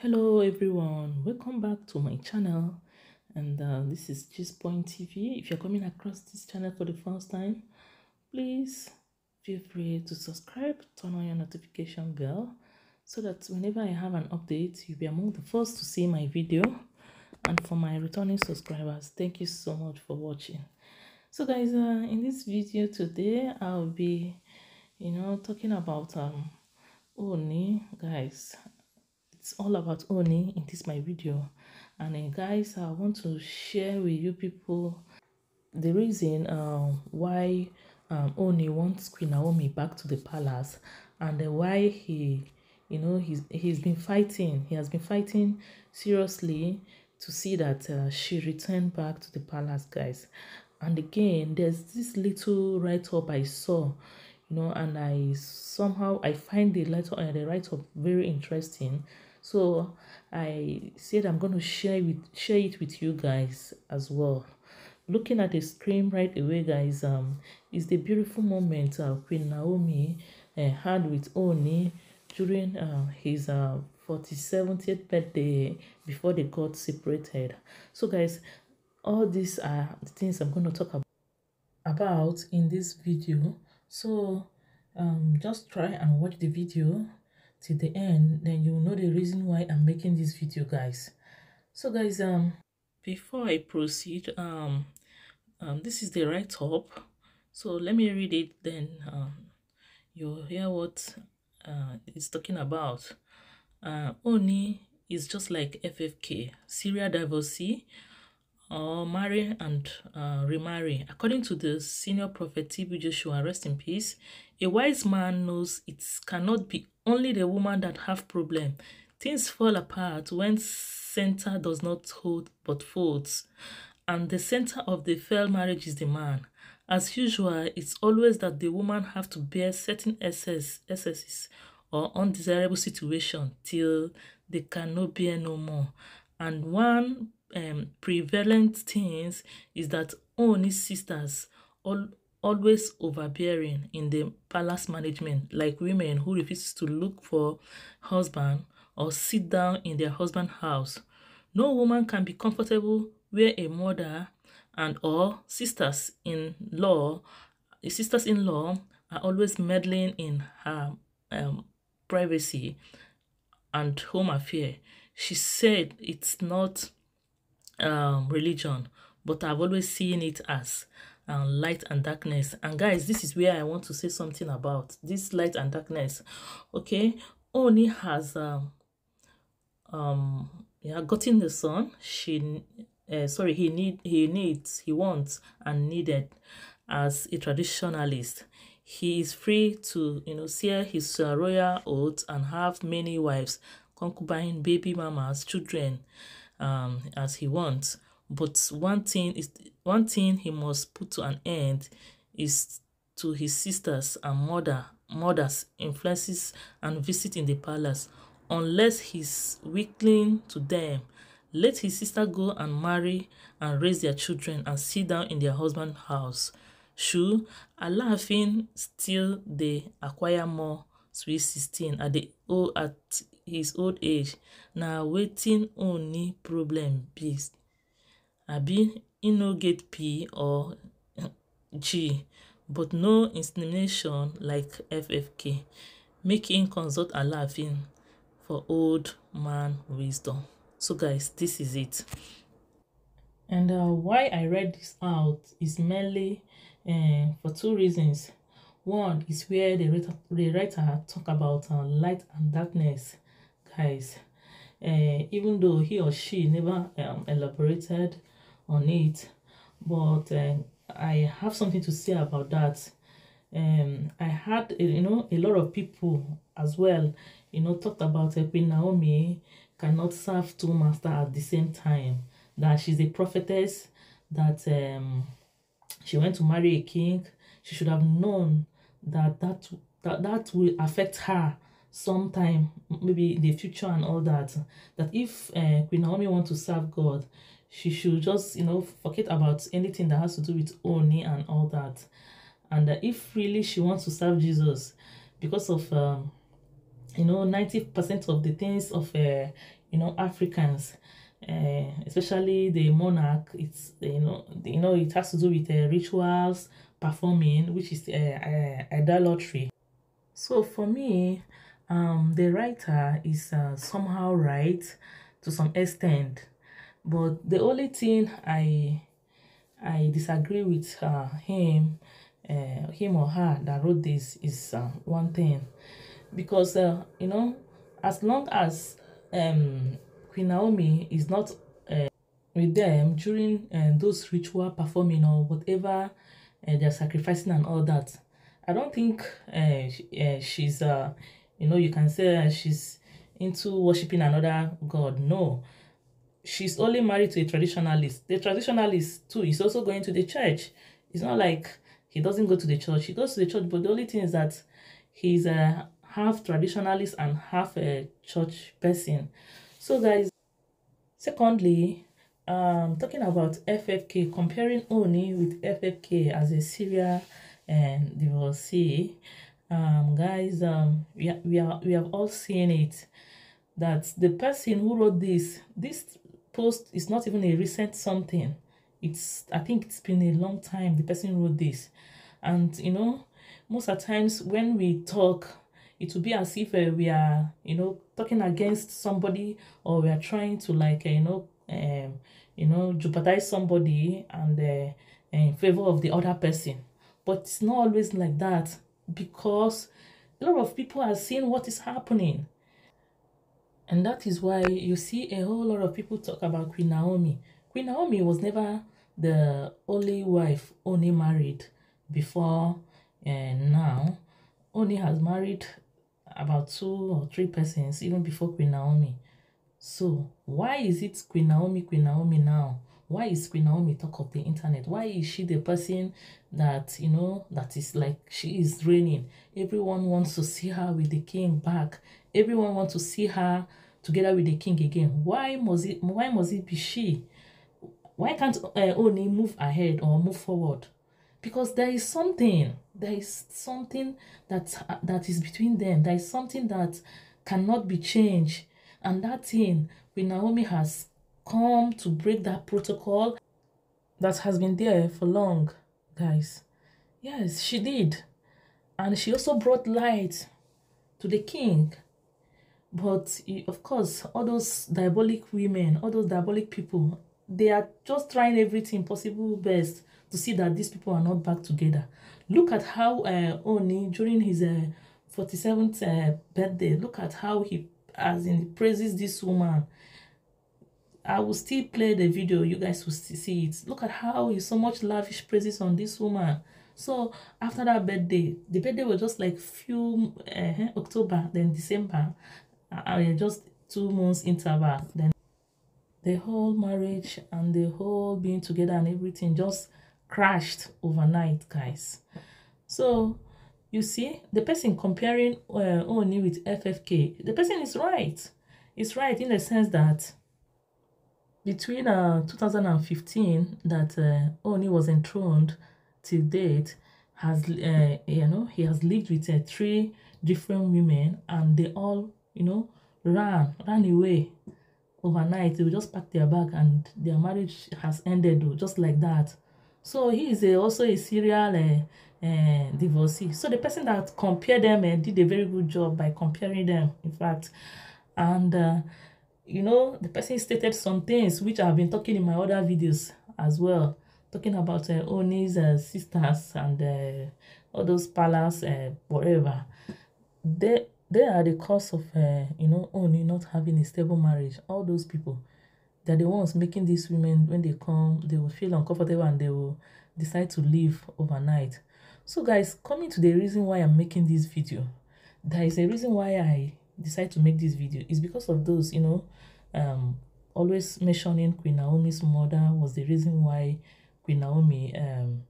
hello everyone welcome back to my channel and uh, this is just point tv if you're coming across this channel for the first time please feel free to subscribe turn on your notification bell so that whenever i have an update you'll be among the first to see my video and for my returning subscribers thank you so much for watching so guys uh, in this video today i'll be you know talking about um oni guys it's all about oni in this my video and uh, guys i want to share with you people the reason uh, why um, oni wants queen naomi back to the palace and uh, why he you know he's he's been fighting he has been fighting seriously to see that uh, she returned back to the palace guys and again there's this little write-up i saw you know and i somehow i find the letter and uh, the write-up very interesting so i said i'm going to share with share it with you guys as well looking at the screen right away guys um is the beautiful moment uh, queen naomi uh, had with oni during uh, his uh, 47th birthday before they got separated so guys all these are the things i'm going to talk about, in this video so um, just try and watch the video till the end then you'll know the reason why i'm making this video guys so guys um before i proceed um, um this is the right top so let me read it then um you'll hear what uh it's talking about uh oni is just like ffk syria divorcee or marry and uh, remarry. According to the senior prophet T.B. Joshua, rest in peace, a wise man knows it cannot be only the woman that have problem. Things fall apart when center does not hold but folds, and the center of the failed marriage is the man. As usual, it's always that the woman have to bear certain excesses or undesirable situation till they cannot bear no more. And one um, prevalent things is that only sisters all always overbearing in the palace management, like women who refuses to look for husband or sit down in their husband's house. No woman can be comfortable where a mother and or sisters in law eh, sisters in law are always meddling in her um, privacy and home affair. She said it's not um, religion, but I've always seen it as um, light and darkness. And guys, this is where I want to say something about this light and darkness. Okay, Oni has um, um, yeah, gotten the sun. She, uh, sorry, he need, he needs, he wants, and needed as a traditionalist. He is free to, you know, share his uh, royal oath and have many wives, concubine, baby mamas, children. um, as he wants. But one thing is one thing he must put to an end is to his sisters and mother mothers influences and visit in the palace unless he's weakling to them let his sister go and marry and raise their children and sit down in their husband's house Sure, a laughing still they acquire more sweet sixteen at the oh at his old age na wetin only problem be abi e no get p or g but no insemination like ffk make im consult alaafin for old man wisdom so guys this is it and uh, why i read this out is mainly uh, for two reasons one is where the writer, the writer talk about uh, light and darkness Guys, uh, eh, even though he or she never um, elaborated on it. But uh, I have something to say about that. Um, I had eh, you know a lot of people as well, you know, talked about helping Naomi cannot serve two masters at the same time. That she's a prophetess. That um, she went to marry a king. She should have known that that that, that will affect her sometime maybe in the future and all that that if uh, queen naomi wants to serve god she should just you know forget about anything that has to do with oni and all that and that eh, if really she wants to serve jesus because of um, you know 90 percent of the things of uh, you know africans uh, especially the monarch it's you know you know it has to do with uh, rituals performing which is uh, uh, idolatry so for me um, the writer is uh, somehow right to some extent, but the only thing I I disagree with uh, him, uh, him or her that wrote this is uh, one thing, because uh, you know, as long as um, Queen Naomi is not uh, with them during uh, those ritual performing or whatever uh, they're sacrificing and all that, I don't think uh, she, uh, she's uh, you know, you can say ah, she's into worshiping another god. No. She's only married to a traditionalist. The traditionalist, too, is also going to the church. It's not like he doesn't go to the church. He goes to the church, but the only thing is that he's a half traditionalist and half a church person. So, guys, secondly, um, talking about FFK, comparing Oni with FFK as a serial and um, divorcee um guys um we, we are we have all seen it that the person who wrote this this post is not even a recent something it's i think it's been a long time the person wrote this and you know most of times when we talk it will be as if uh, we are you know talking against somebody or we are trying to like uh, you know um you know jeopardize somebody and uh, in favor of the other person but it's not always like that because a lot of people are seeing what is happening. And that is why you see a whole lot of people talk about Queen Naomi. Queen Naomi was never the only wife only married before and now. Only has married about two or three persons even before Queen Naomi. So why is it Queen Naomi, Queen Naomi now? why is Queen Naomi talk of the internet? Why is she the person that, you know, that is like she is reigning? Everyone wants to see her with the king back. Everyone wants to see her together with the king again. Why must it, why must it be she? Why can't uh, Oni move ahead or move forward? Because there is something, there is something that uh, that is between them. There is something that cannot be changed. And that thing, when Naomi has come to break that protocol that has been there for long, guys. Yes, she did. And she also brought light to the king. But of course, all those diabolic women, all those diabolic people, they are just trying everything possible best to see that these people are not back together. Look at how uh, Oni, during his uh, 47th uh, birthday, look at how he, as in, praises this woman I will still play the video. You guys will see it. Look at how he's so much lavish praises on this woman. So after that birthday, the birthday was just like few uh, October, then December, I uh, just two months interval. Then the whole marriage and the whole being together and everything just crashed overnight, guys. So you see, the person comparing uh, eh, Oni with FFK, the person is right. It's right in the sense that between uh, 2015, that uh, Oni was enthroned till date, has uh, you know he has lived with uh, three different women, and they all you know ran ran away overnight. They just packed their bag, and their marriage has ended oh, just like that. So he is a, also a serial uh, uh, divorcee. So the person that compared them uh, did a very good job by comparing them, in fact, and. Uh, you know the person stated some things which i've been talking in my other videos as well talking about uh, Oni's uh, sisters and uh, all those palace uh, whatever they they are the cause of uh, you know only not having a stable marriage all those people they're the ones making these women when they come they will feel uncomfortable and they will decide to leave overnight so guys coming to the reason why i'm making this video there is a reason why i decide to make this video is because of those, you know, um, always mentioning Queen Naomi's mother was the reason why Queen Naomi um,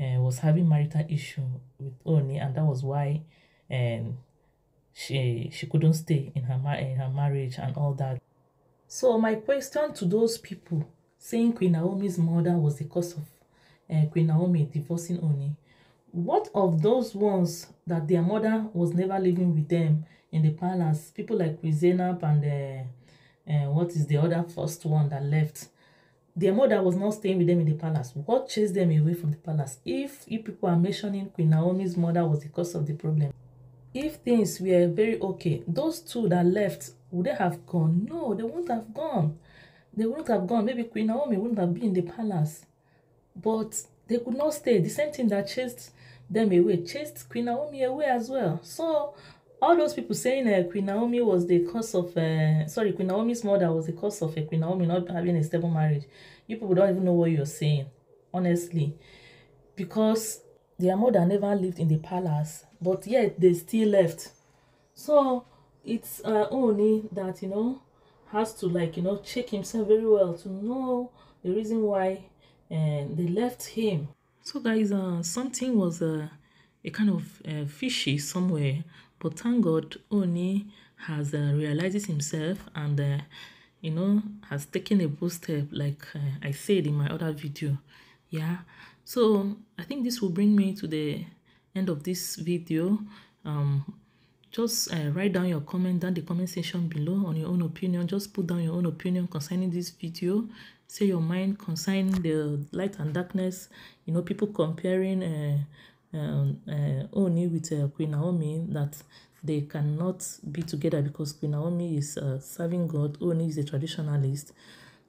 uh, was having marital issue with Oni, and that was why and eh, she she couldn't stay in her in her marriage and all that. So my question to those people saying Queen Naomi's mother was the cause of uh, Queen Naomi divorcing Oni, what of those ones that their mother was never living with them in the palace. People like Queen Zainab and the, uh, eh, what is the other first one that left. Their mother was not staying with them in the palace. What chased them away from the palace? If you people are mentioning Queen Naomi's mother was the cause of the problem. If things were very okay, those two that left, would they have gone? No, they wouldn't have gone. They wouldn't have gone. Maybe Queen Naomi wouldn't have been in the palace. But they could not stay. The same thing that chased them away chased Queen Naomi away as well. So all those people saying uh, Queen Naomi was the cause of, uh, sorry, Queen Naomi's mother was the cause of uh, Queen Naomi not having a stable marriage. You people don't even know what you're saying, honestly. Because their mother never lived in the palace, but yet they still left. So it's uh, only that, you know, has to like, you know, check himself very well to know the reason why uh, they left him. So guys, uh, something was... Uh, a kind of uh, fishy somewhere but thank god oni has uh, realized himself and uh, you know has taken a bold step like uh, i said in my other video yeah so i think this will bring me to the end of this video um just uh, write down your comment down the comment section below on your own opinion just put down your own opinion concerning this video say your mind concerning the light and darkness you know people comparing uh um, uh, eh, Oni with uh, Queen Naomi that they cannot be together because Queen Naomi is uh, serving God, Oni is a traditionalist,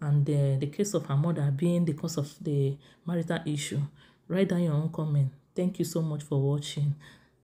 and uh, the case of her mother being the cause of the marital issue. Write down your own comment. Thank you so much for watching.